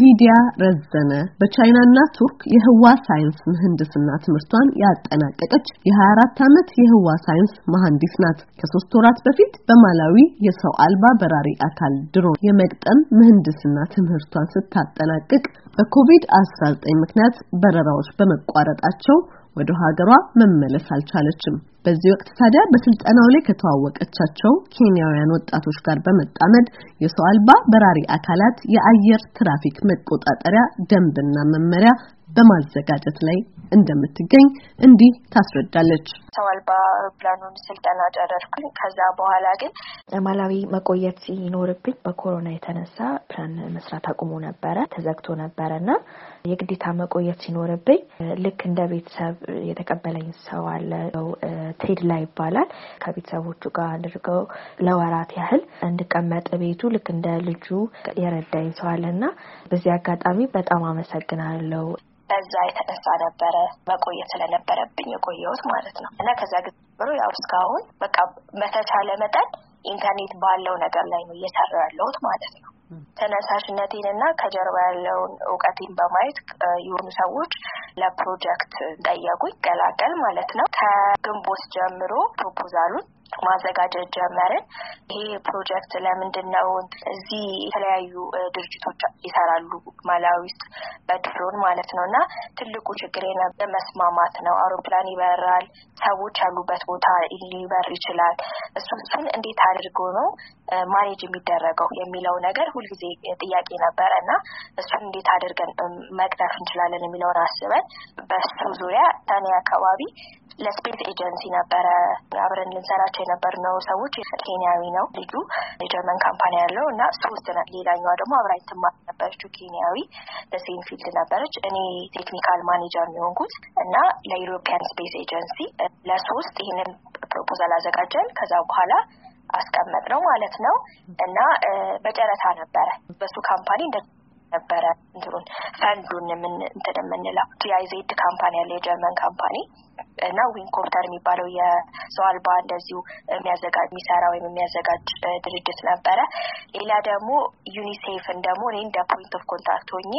ሊዲያ ረዘነ በቻይናና ቱርክ የህዋ ሳይንስ ምህንድስና ትምህርቷን ያጠናቀቀች የ24 ዓመት የህዋ ሳይንስ መሐንዲስ ናት። ከሶስት ወራት በፊት በማላዊ የሰው አልባ በራሪ አካል ድሮን የመቅጠም ምህንድስና ትምህርቷን ስታጠናቅቅ በኮቪድ-19 ምክንያት በረራዎች በመቋረጣቸው ወደ ሀገሯ መመለስ አልቻለችም። በዚህ ወቅት ታዲያ በስልጠናው ላይ ከተዋወቀቻቸው ኬንያውያን ወጣቶች ጋር በመጣመድ የሰው አልባ በራሪ አካላት የአየር ትራፊክ መቆጣጠሪያ ደንብና መመሪያ በማዘጋጀት ላይ እንደምትገኝ እንዲህ ታስረዳለች። ሰው አልባ አውሮፕላኑን ስልጠና ጨረስኩኝ። ከዛ በኋላ ግን ማላዊ መቆየት ሲኖርብኝ በኮሮና የተነሳ ፕላን መስራት አቁሞ ነበረ፣ ተዘግቶ ነበረ እና የግዴታ መቆየት ሲኖርብኝ ልክ እንደ ቤተሰብ የተቀበለኝ ሰው አለ። ቴድ ላይ ይባላል። ከቤተሰቦቹ ጋር አድርገው ለወራት ያህል እንድቀመጥ ቤቱ ልክ እንደ ልጁ የረዳኝ ሰው አለ እና በዚህ አጋጣሚ በጣም አመሰግናለሁ። በዛ የተነሳ ነበረ መቆየት ስለነበረብኝ የቆየሁት ማለት ነው። እና ከዛ ጊዜ ጀምሮ ያው እስካሁን በቃ በተቻለ መጠን ኢንተርኔት ባለው ነገር ላይ ነው እየሰራ ያለሁት ማለት ነው። ተነሳሽነቴን እና ከጀርባ ያለውን እውቀቴን በማየት የሆኑ ሰዎች ለፕሮጀክት ጠየቁኝ። ይቀላቀል ማለት ነው። ከግንቦት ጀምሮ ፕሮፖዛሉን ማዘጋጀት ጀመርን። ይሄ ፕሮጀክት ለምንድን ነው እዚህ የተለያዩ ድርጅቶች ይሰራሉ ማላዊ ውስጥ በድሮን ማለት ነው። እና ትልቁ ችግር መስማማት ነው። አውሮፕላን ይበራል፣ ሰዎች ያሉበት ቦታ ሊበር ይችላል። እሱ እሱን እንዴት አድርጎ ነው ማኔጅ የሚደረገው የሚለው ነገር ሁልጊዜ ጥያቄ ነበረ እና እሱን እንዴት አድርገን መቅረፍ እንችላለን የሚለውን አስበን በሱ ዙሪያ ታኔ አካባቢ ለስፔስ ኤጀንሲ ነበረ አብረን ልንሰራቸው ነው ሰዎች ኬንያዊ ነው ልጁ የጀርመን ካምፓኒ ያለው እና ሶስት ሌላኛዋ ደግሞ አብራይ ትማር ነበረችው ኬንያዊ ለሴም ፊልድ ነበረች። እኔ ቴክኒካል ማኔጀር የሚሆንኩት እና ለኢሮፒያን ስፔስ ኤጀንሲ ለሶስት ይህንን ፕሮፖዛል አዘጋጀን። ከዛ በኋላ አስቀመጥ ነው ማለት ነው እና በጨረታ ነበረ በሱ ካምፓኒ ነበረ እንትሩን ፈንዱን ምን እንትን የምንለው ቲአይዜድ ካምፓኒ ያለ የጀርመን ካምፓኒ እና ዊንኮፕተር የሚባለው የሰው አልባ እንደዚሁ የሚያዘጋጅ የሚሰራ ወይም የሚያዘጋጅ ድርጅት ነበረ። ሌላ ደግሞ ዩኒሴፍን ደግሞ እኔ እንደ ፖይንት ኦፍ ኮንታክት ሆኜ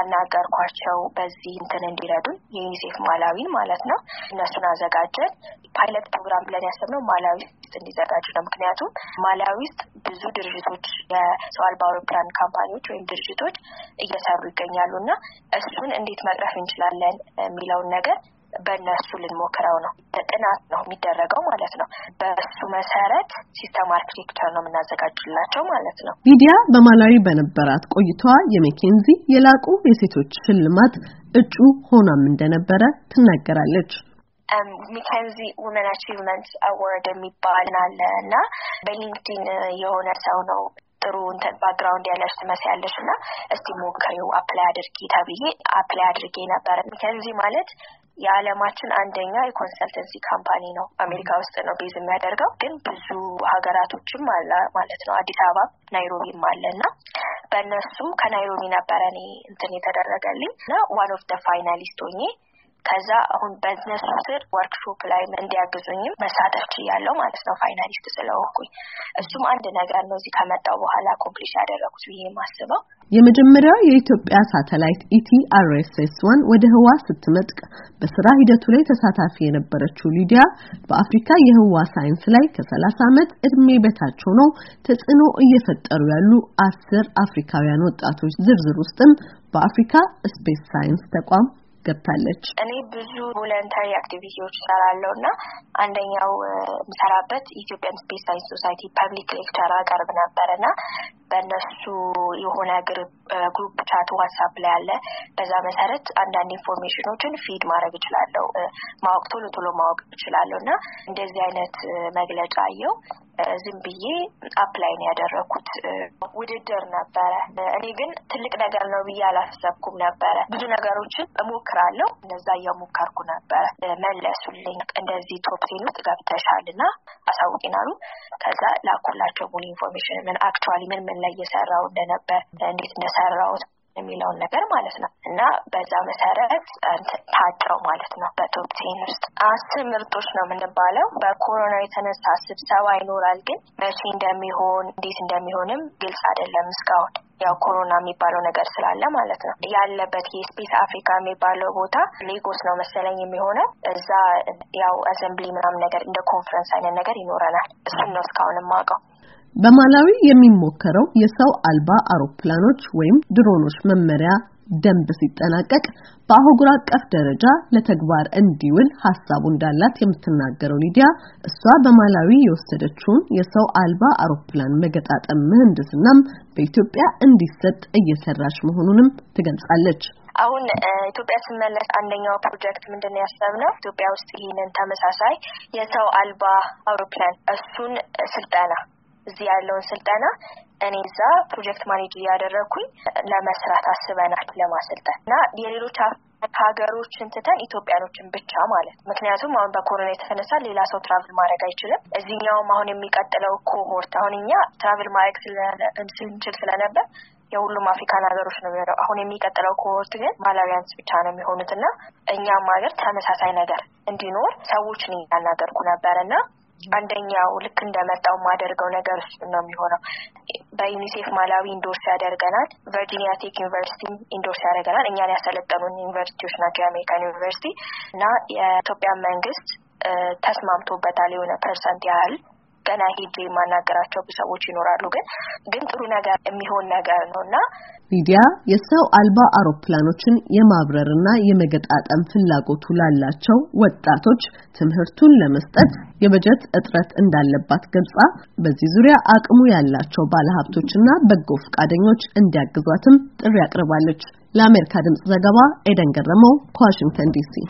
አናገርኳቸው። በዚህ እንትን እንዲረዱን የዩኒሴፍ ማላዊን ማለት ነው። እነሱን አዘጋጀን። ፓይለት ፕሮግራም ብለን ያሰብነው ማላዊ ውስጥ እንዲዘጋጅ ነው። ምክንያቱም ማላዊ ውስጥ ብዙ ድርጅቶች የሰው አልባ አውሮፕላን ካምፓኒዎች ወይም ድርጅቶች እየሰሩ ይገኛሉ እና እሱን እንዴት መቅረፍ እንችላለን የሚለውን ነገር በእነሱ ልንሞክረው ነው። ጥናት ነው የሚደረገው ማለት ነው። በእሱ መሰረት ሲስተም አርኪቴክቸር ነው የምናዘጋጅላቸው ማለት ነው። ቪዲያ በማላዊ በነበራት ቆይቷ የሜኬንዚ የላቁ የሴቶች ሽልማት እጩ ሆናም እንደነበረ ትናገራለች። ሚካንዚ ውመን አቺቭመንት አዋርድ የሚባል አለ እና በሊንክዲን uh, የሆነ ሰው ነው ጥሩ እንትን ባክግራውንድ ያለሽ ትመስያለሽ እና እስቲ ሞክሪው አፕላይ አድርጊ ተብዬ አፕላይ አድርጌ ነበር። ሚካንዚ ማለት የዓለማችን አንደኛ የኮንሰልተንሲ ካምፓኒ ነው። አሜሪካ ውስጥ ነው ቤዝ የሚያደርገው፣ ግን ብዙ ሀገራቶችም አለ ማለት ነው። አዲስ አበባ ናይሮቢም አለ እና በእነሱ ከናይሮቢ ነበረ እኔ እንትን የተደረገልኝ እና ዋን ኦፍ ደ ፋይናሊስት ሆኜ ከዛ አሁን በዝነስ ስር ወርክሾፕ ላይ እንዲያግዙኝም መሳተፍ ችያለው ማለት ነው። ፋይናሊስት ስለሆንኩኝ እሱም አንድ ነገር ነው እዚህ ከመጣው በኋላ ኮምፕሊሽ ያደረጉት ብዬ የማስበው የመጀመሪያው የኢትዮጵያ ሳተላይት ኢቲ አርኤስኤስ ዋን ወደ ህዋ ስትመጥቅ በስራ ሂደቱ ላይ ተሳታፊ የነበረችው ሊዲያ በአፍሪካ የህዋ ሳይንስ ላይ ከ ዓመት እድሜ በታች ሆነው ተጽዕኖ እየፈጠሩ ያሉ አስር አፍሪካውያን ወጣቶች ዝርዝር ውስጥም በአፍሪካ ስፔስ ሳይንስ ተቋም ገብታለች። እኔ ብዙ ቮለንታሪ አክቲቪቲዎች እሰራለሁ እና አንደኛው የምሰራበት ኢትዮጵያን ስፔስ ሳይንስ ሶሳይቲ ፐብሊክ ሌክቸር አቀርብ ነበር እና በእነሱ የሆነ ግሩፕ ቻት ዋትሳፕ ላይ አለ። በዛ መሰረት አንዳንድ ኢንፎርሜሽኖችን ፊድ ማድረግ እችላለሁ፣ ማወቅ ቶሎ ቶሎ ማወቅ እችላለሁ እና እንደዚህ አይነት መግለጫ አየው ዝም ብዬ አፕላይ ነው ያደረኩት። ውድድር ነበረ። እኔ ግን ትልቅ ነገር ነው ብዬ አላሰብኩም ነበረ። ብዙ ነገሮችን እሞክራለሁ። እነዛ እየሞከርኩ ነበረ። መለሱልኝ፣ እንደዚህ ቶፕቴን ውስጥ ገብተሻል እና አሳውቂን አሉ። ከዛ ላኩላቸው ሙሉ ኢንፎርሜሽን ምን አክቹዋሊ ምን ምን ላይ እየሰራው እንደነበር እንዴት እንደሰራውት የሚለውን ነገር ማለት ነው እና በዛ መሰረት ታጨው ማለት ነው በቶፕቴን ውስጥ አስር ምርጦች ነው የምንባለው። በኮሮና የተነሳ ስብሰባ ይኖራል፣ ግን መቼ እንደሚሆን እንዴት እንደሚሆንም ግልጽ አይደለም እስካሁን ያው ኮሮና የሚባለው ነገር ስላለ ማለት ነው። ያለበት የስፔስ አፍሪካ የሚባለው ቦታ ሌጎስ ነው መሰለኝ የሚሆነው። እዛ ያው አሰምብሊ ምናምን ነገር እንደ ኮንፈረንስ አይነት ነገር ይኖረናል። እሱን ነው እስካሁን የማውቀው። በማላዊ የሚሞከረው የሰው አልባ አውሮፕላኖች ወይም ድሮኖች መመሪያ ደንብ ሲጠናቀቅ በአህጉር አቀፍ ደረጃ ለተግባር እንዲውል ሀሳቡ እንዳላት የምትናገረው ሊዲያ እሷ በማላዊ የወሰደችውን የሰው አልባ አውሮፕላን መገጣጠም ምህንድስናም በኢትዮጵያ እንዲሰጥ እየሰራች መሆኑንም ትገልጻለች። አሁን ኢትዮጵያ ስመለስ አንደኛው ፕሮጀክት ምንድን ነው ያሰብነው ኢትዮጵያ ውስጥ ይህንን ተመሳሳይ የሰው አልባ አውሮፕላን እሱን ስልጠና እዚህ ያለውን ስልጠና እኔ እዛ ፕሮጀክት ማኔጅ እያደረግኩኝ ለመስራት አስበናል ለማሰልጠን እና የሌሎች ሀገሮችን ትተን ኢትዮጵያኖችን ብቻ ማለት ምክንያቱም አሁን በኮሮና የተነሳ ሌላ ሰው ትራቭል ማድረግ አይችልም። እዚህኛውም አሁን የሚቀጥለው ኮሆርት አሁን እኛ ትራቭል ማድረግ ስንችል ስለነበር የሁሉም አፍሪካን ሀገሮች ነው የሚሆነው። አሁን የሚቀጥለው ኮሆርት ግን ማላዊያንስ ብቻ ነው የሚሆኑት እና እኛም ሀገር ተመሳሳይ ነገር እንዲኖር ሰዎችን ነው ያናገርኩ ነበር እና አንደኛው ልክ እንደመጣው የማደርገው ነገር እሱ ነው የሚሆነው። በዩኒሴፍ ማላዊ ኢንዶርስ ያደርገናል። ቨርጂኒያ ቴክ ዩኒቨርሲቲ ኢንዶርስ ያደርገናል። እኛን ያሰለጠኑን ዩኒቨርሲቲዎች ናቸው። የአሜሪካን ዩኒቨርሲቲ እና የኢትዮጵያ መንግስት ተስማምቶበታል የሆነ ፐርሰንት ያህል ገና ሄጄ የማናገራቸው ሰዎች ይኖራሉ። ግን ግን ጥሩ ነገር የሚሆን ነገር ነው እና ሚዲያ የሰው አልባ አውሮፕላኖችን የማብረርና የመገጣጠም ፍላጎቱ ላላቸው ወጣቶች ትምህርቱን ለመስጠት የበጀት እጥረት እንዳለባት ገልጻ በዚህ ዙሪያ አቅሙ ያላቸው ባለሀብቶችና በጎ ፈቃደኞች እንዲያግዟትም ጥሪ አቅርባለች። ለአሜሪካ ድምጽ ዘገባ ኤደን ገረመው ከዋሽንግተን ዲሲ